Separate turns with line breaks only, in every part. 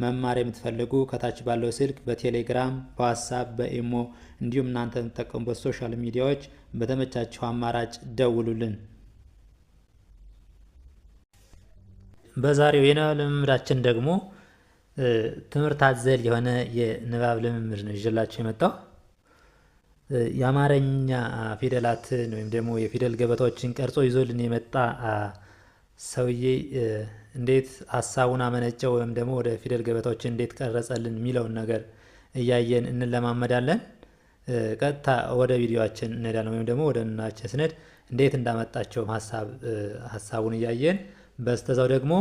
መማር የምትፈልጉ ከታች ባለው ስልክ በቴሌግራም በዋትሳፕ በኢሞ እንዲሁም እናንተ የምትጠቀሙ ሶሻል ሚዲያዎች በተመቻቸው አማራጭ ደውሉልን። በዛሬው የንባብ ልምምዳችን ደግሞ ትምህርት አዘል የሆነ የንባብ ልምምድ ነው ይዤላችሁ የመጣው የአማርኛ ፊደላትን ወይም ደግሞ የፊደል ገበታዎችን ቀርጾ ይዞልን የመጣ ሰውዬ እንዴት ሀሳቡን አመነጨው ወይም ደግሞ ወደ ፊደል ገበታዎች እንዴት ቀረጸልን የሚለውን ነገር እያየን እንለማመዳለን። ቀጥታ ወደ ቪዲዮችን እንሄዳለን ወይም ደግሞ ወደ እናችን ስንሄድ እንዴት እንዳመጣቸውም ሀሳቡን እያየን በስተዛው ደግሞ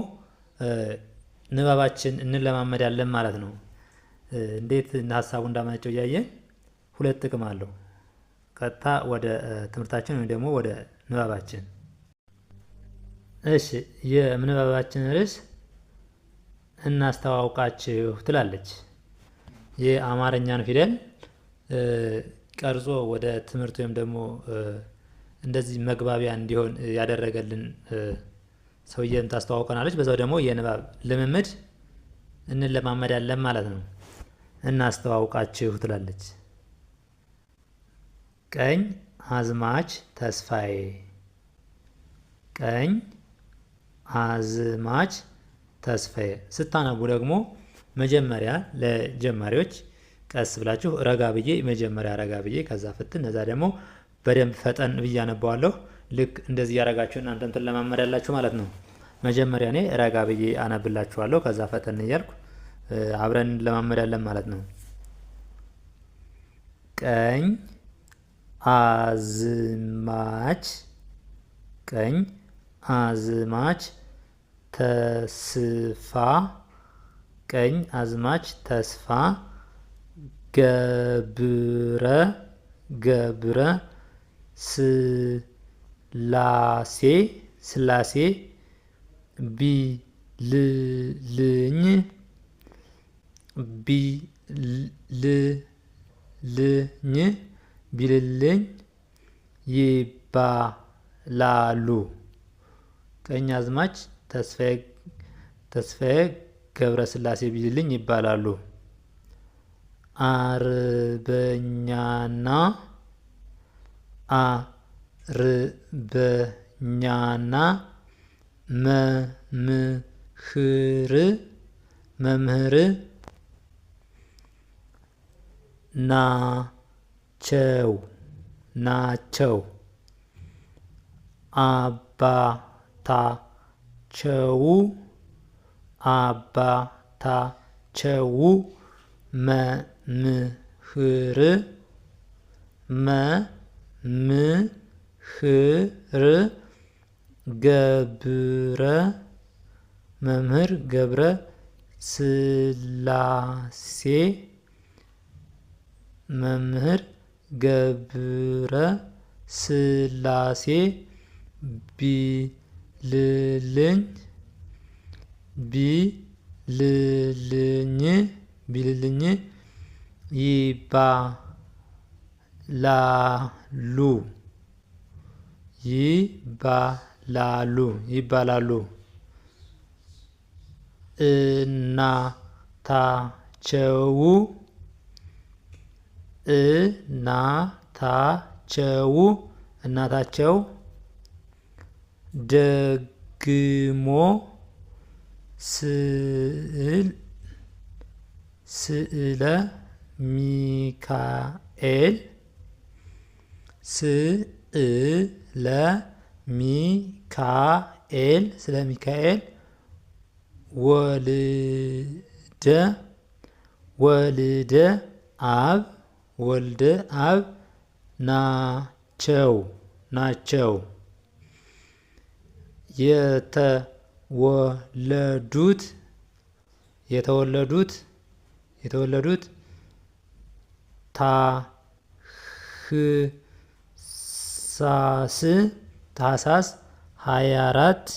ንባባችን እንለማመዳለን ማለት ነው። እንዴት ሀሳቡ እንዳመነጨው እያየን ሁለት ጥቅም አለው። ቀጥታ ወደ ትምህርታችን ወይም ደግሞ ወደ ንባባችን እሺ የምንባባችን ርዕስ እናስተዋውቃችሁ ትላለች። የአማርኛን ፊደል ቀርጾ ወደ ትምህርት ወይም ደግሞ እንደዚህ መግባቢያ እንዲሆን ያደረገልን ሰውዬም ታስተዋውቀናለች። በዛው ደግሞ የንባብ ልምምድ እንለማመዳለን ማለት ነው። እናስተዋውቃችሁ ትላለች። ቀኝ አዝማች ተስፋዬ ቀኝ አዝማች ተስፋዬ። ስታነቡ ደግሞ መጀመሪያ ለጀማሪዎች ቀስ ብላችሁ ረጋ ብዬ መጀመሪያ ረጋ ብዬ ከዛ ፍትን እነዛ ደግሞ በደንብ ፈጠን ብዬ አነባዋለሁ። ልክ እንደዚህ ያረጋችሁ እናንተ እንትን ለማመድ ያላችሁ ማለት ነው። መጀመሪያ እኔ ረጋ ብዬ አነብላችኋለሁ። ከዛ ፈጠን እያልኩ አብረን ያለን ማለት ነው። ቀኝ አዝማች ቀኝ አዝማች ተስፋ ቀኝ አዝማች ተስፋ ገብረ ገብረ ስላሴ ስላሴ ቢልልኝ ቢልልኝ ቢልልኝ ይባላሉ ቀኝ አዝማች ተስፋዬ ገብረስላሴ ቢልኝ ይባላሉ። አርበኛና አርበኛና መምህር መምህር ናቸው ናቸው አባታ ቸው አባታቸው መምህር መምህር ገብረ መምህር ገብረ ስላሴ መምህር ገብረ ስላሴ ቢ ልልኝ ቢልልኝ ቢልልኝ ይባላሉ ይባላሉ ይባላሉ እናታቸው እናታቸው እናታቸው ደግሞ ስዕል ስዕለ ሚካኤል ስዕለ ሚካኤል ስለ ሚካኤል ወልደ ወልደ አብ ወልደ አብ ናቸው ናቸው የተወለዱት የተወለዱት የተወለዱት ታህሳስ ታህሳስ 24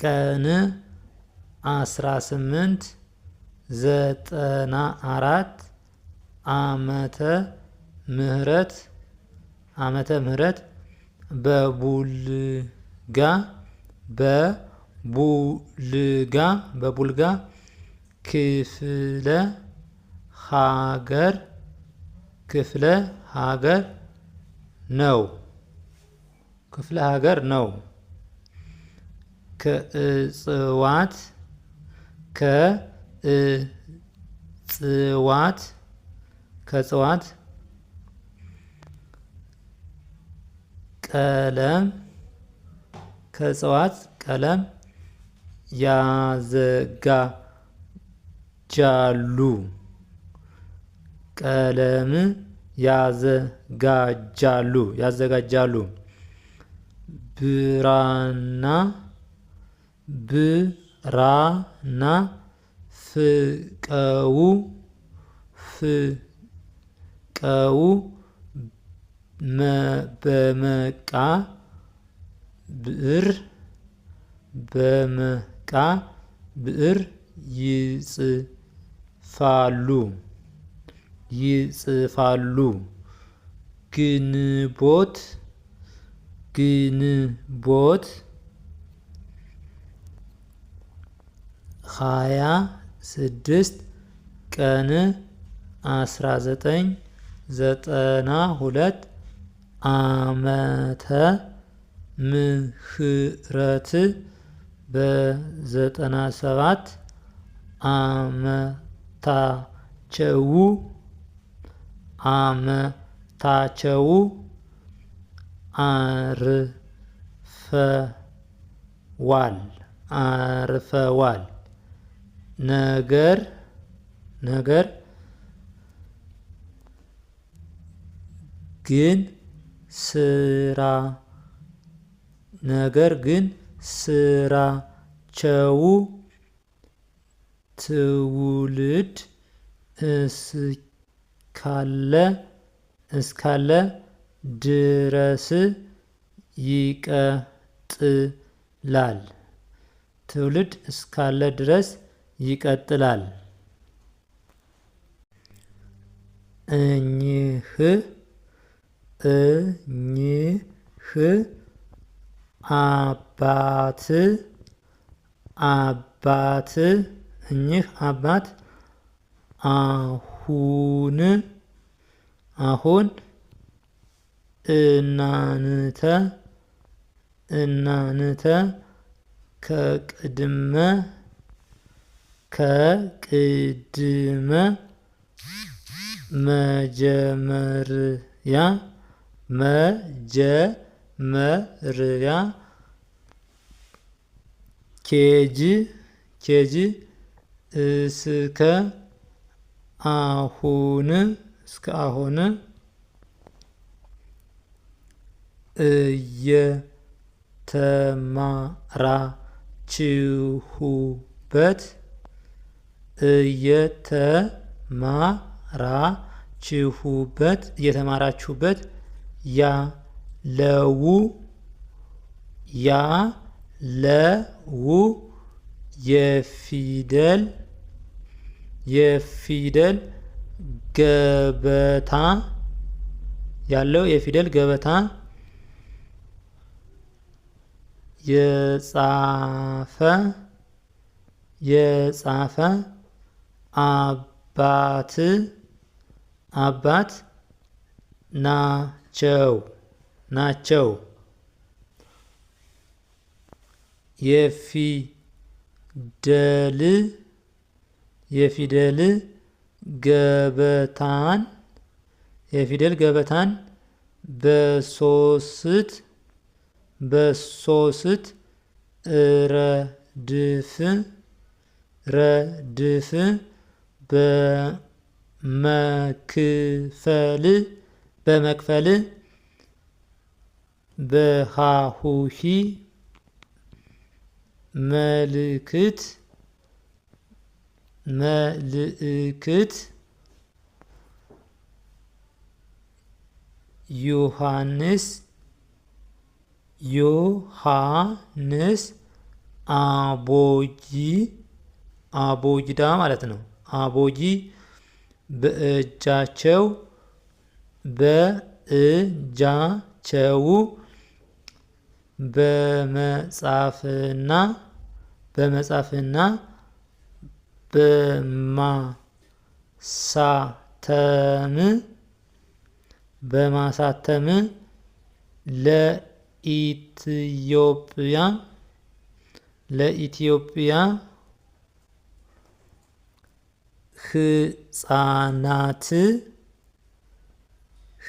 ቀን 18 ዘጠና አራት ዓመተ ምህረት ዓመተ ምህረት በቡልጋ በቡልጋ በቡልጋ ክፍለ ሀገር ክፍለ ሀገር ነው ክፍለ ሀገር ነው። ከእጽዋት ከእጽዋት ከእጽዋት ቀለም ከእጽዋት ቀለም ያዘጋጃሉ። ቀለም ያዘጋጃሉ ያዘጋጃሉ። ብራና ብራና ፍቀው ፍቀው በመቃ ብዕር በመቃ ብዕር ይጽፋሉ ይጽፋሉ ግንቦት ግንቦት ሀያ ስድስት ቀን አስራ ዘጠኝ ዘጠና ሁለት አመተ ምህረት በዘጠና ሰባት አመታቸው አመታቸው አርፈዋል አርፈዋል ነገር ነገር ግን ስራ ነገር ግን ስራቸው ትውልድ እስካለ እስካለ ድረስ ይቀጥላል። ትውልድ እስካለ ድረስ ይቀጥላል። እኚህ እኚህ አባት አባት እኚህ አባት አሁን አሁን እናንተ እናንተ ከቅድመ ከቅድመ መጀመርያ መጀመሪያ ኬጂ ኬጂ እስከ አሁን እስከ አሁን እየተማራችሁበት እየተማራችሁበት እየተማራችሁበት ያለው ያለው የፊደል የፊደል ገበታ ያለው የፊደል ገበታ የጻፈ የጻፈ አባት አባት ና ናቸው ናቸው የፊደል የፊደል ገበታን የፊደል ገበታን በሶስት በሶስት ረድፍ ረድፍ በመክፈል በመክፈል በሃሁሂ መልክት መልእክት ዮሐንስ ዮሐንስ አቦጂ አቦጅዳ ማለት ነው። አቦጂ በእጃቸው በእጃቸው በመጻፍና በመጻፍና በማሳተም በማሳተም ለኢትዮጵያ ለኢትዮጵያ ሕፃናት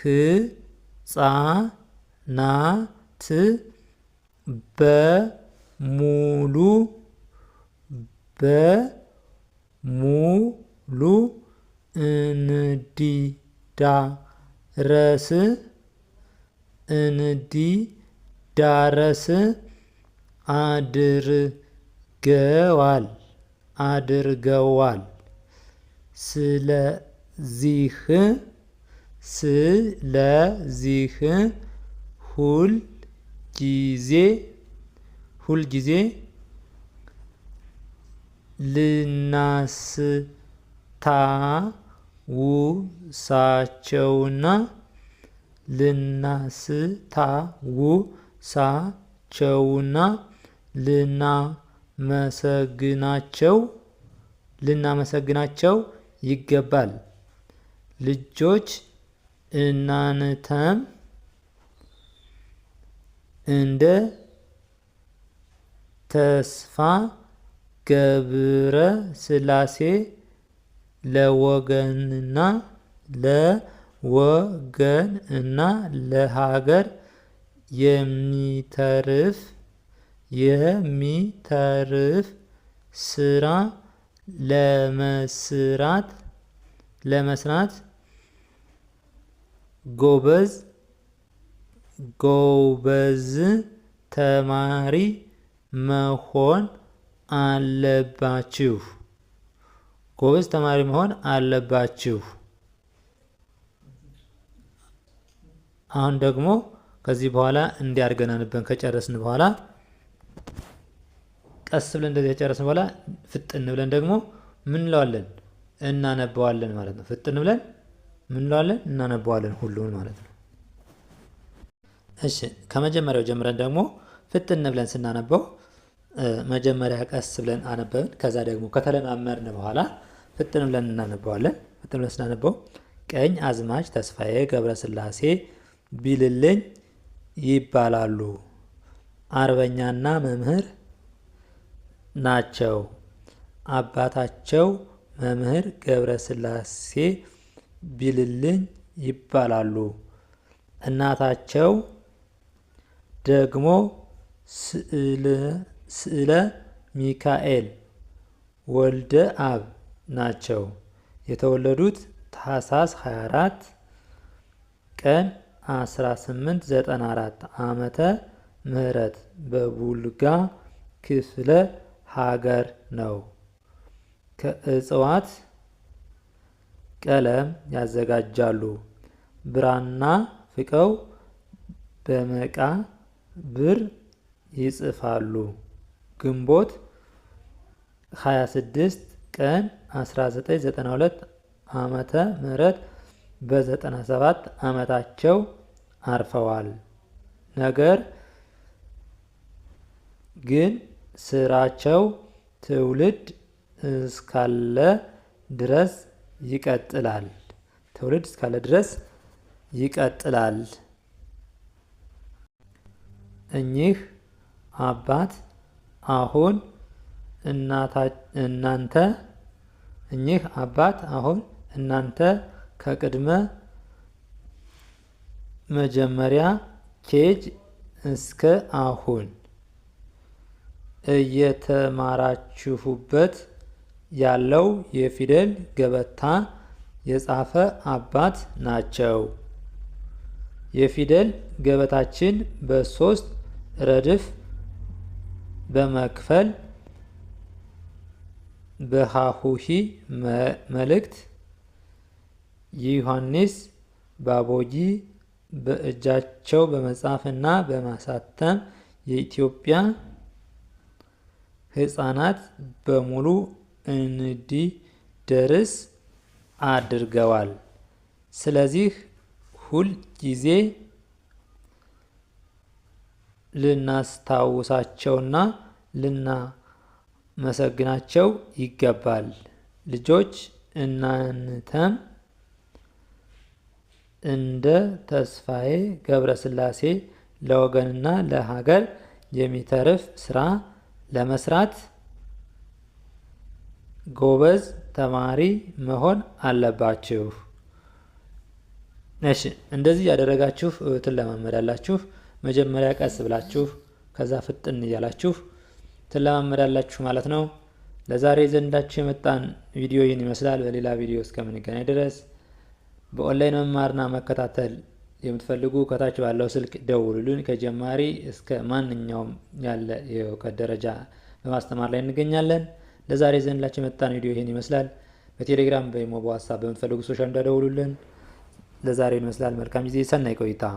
ህጻናት በሙሉ በሙሉ እንዲዳረስ እንዲዳረስ አድርገዋል አድርገዋል ስለዚህ ስለዚህ ሁል ጊዜ ሁል ጊዜ ልናስታውሳቸውና ልናስታውሳቸውና ልናመሰግናቸው ልናመሰግናቸው ይገባል። ልጆች እናንተም እንደ ተስፋ ገብረ ስላሴ ለወገንና ለወገን እና ለሀገር የሚተርፍ የሚተርፍ ስራ ለመስራት ለመስራት ጎበዝ ጎበዝ ተማሪ መሆን አለባችሁ። ጎበዝ ተማሪ መሆን አለባችሁ። አሁን ደግሞ ከዚህ በኋላ እንዲያርገን አንበን ከጨረስን በኋላ ቀስ ብለን እንደዚህ ከጨረስን በኋላ ፍጥን ብለን ደግሞ ምን እንለዋለን? እናነበዋለን ማለት ነው። ፍጥን ብለን ምን እንለዋለን? እናነበዋለን ሁሉን ማለት ነው። እሺ ከመጀመሪያው ጀምረን ደግሞ ፍጥን ብለን ስናነበው መጀመሪያ ቀስ ብለን አነበብን። ከዛ ደግሞ ከተለማመርን በኋላ ፍጥን ብለን እናነበዋለን። ፍጥን ብለን ስናነበው ቀኝ አዝማች ተስፋዬ ገብረስላሴ ቢልልኝ ይባላሉ። አርበኛና መምህር ናቸው። አባታቸው መምህር ገብረስላሴ ቢልልኝ ይባላሉ። እናታቸው ደግሞ ስዕለ ሚካኤል ወልደ አብ ናቸው። የተወለዱት ታሳስ 24 ቀን 1894 ዓመተ ምህረት በቡልጋ ክፍለ ሀገር ነው። ከእጽዋት ቀለም ያዘጋጃሉ። ብራና ፍቀው በመቃ ብር ይጽፋሉ። ግንቦት 26 ቀን 1992 ዓመተ ምህረት በ97 ዓመታቸው አርፈዋል። ነገር ግን ስራቸው ትውልድ እስካለ ድረስ ይቀጥላል። ትውልድ እስካለ ድረስ ይቀጥላል። እኚህ አባት አሁን እናንተ እኚህ አባት አሁን እናንተ ከቅድመ መጀመሪያ ኬጅ እስከ አሁን እየተማራችሁበት ያለው የፊደል ገበታ የጻፈ አባት ናቸው። የፊደል ገበታችን በሶስት ረድፍ በመክፈል በሃሁሂ መልእክት ዮሐንስ ባቦጊ በእጃቸው በመጻፍና በማሳተም የኢትዮጵያ ሕፃናት በሙሉ እንዲደርስ አድርገዋል። ስለዚህ ሁል ጊዜ ልናስታውሳቸውና ልናመሰግናቸው ይገባል። ልጆች እናንተም እንደ ተስፋዬ ገብረስላሴ ለወገንና ለሀገር የሚተርፍ ስራ ለመስራት ጎበዝ ተማሪ መሆን አለባችሁ። እሺ እንደዚህ ያደረጋችሁ ትለማመዳላችሁ። መጀመሪያ ቀስ ብላችሁ ከዛ ፍጥን እያላችሁ ትለማመዳላችሁ ማለት ነው። ለዛሬ ዘንዳችሁ የመጣን ቪዲዮ ይህን ይመስላል። በሌላ ቪዲዮ እስከምንገናኝ ድረስ በኦንላይን መማርና መከታተል የምትፈልጉ ከታች ባለው ስልክ ደውሉልን። ከጀማሪ እስከ ማንኛውም ያለ የእውቀት ደረጃ በማስተማር ላይ እንገኛለን። ለዛሬ ዘንላችሁ የመጣን ቪዲዮ ይሄን ይመስላል። በቴሌግራም በኢሞ በዋትሳፕ በምትፈልጉ ሶሻል እንዳደውሉልን። ለዛሬ ይመስላል። መልካም ጊዜ፣ ሰናይ ቆይታ